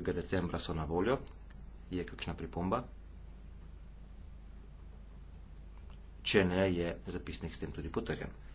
2. decembra so na voljo. Je kakšna pripomba? Če ne, je zapisnik s tem tudi potrjen.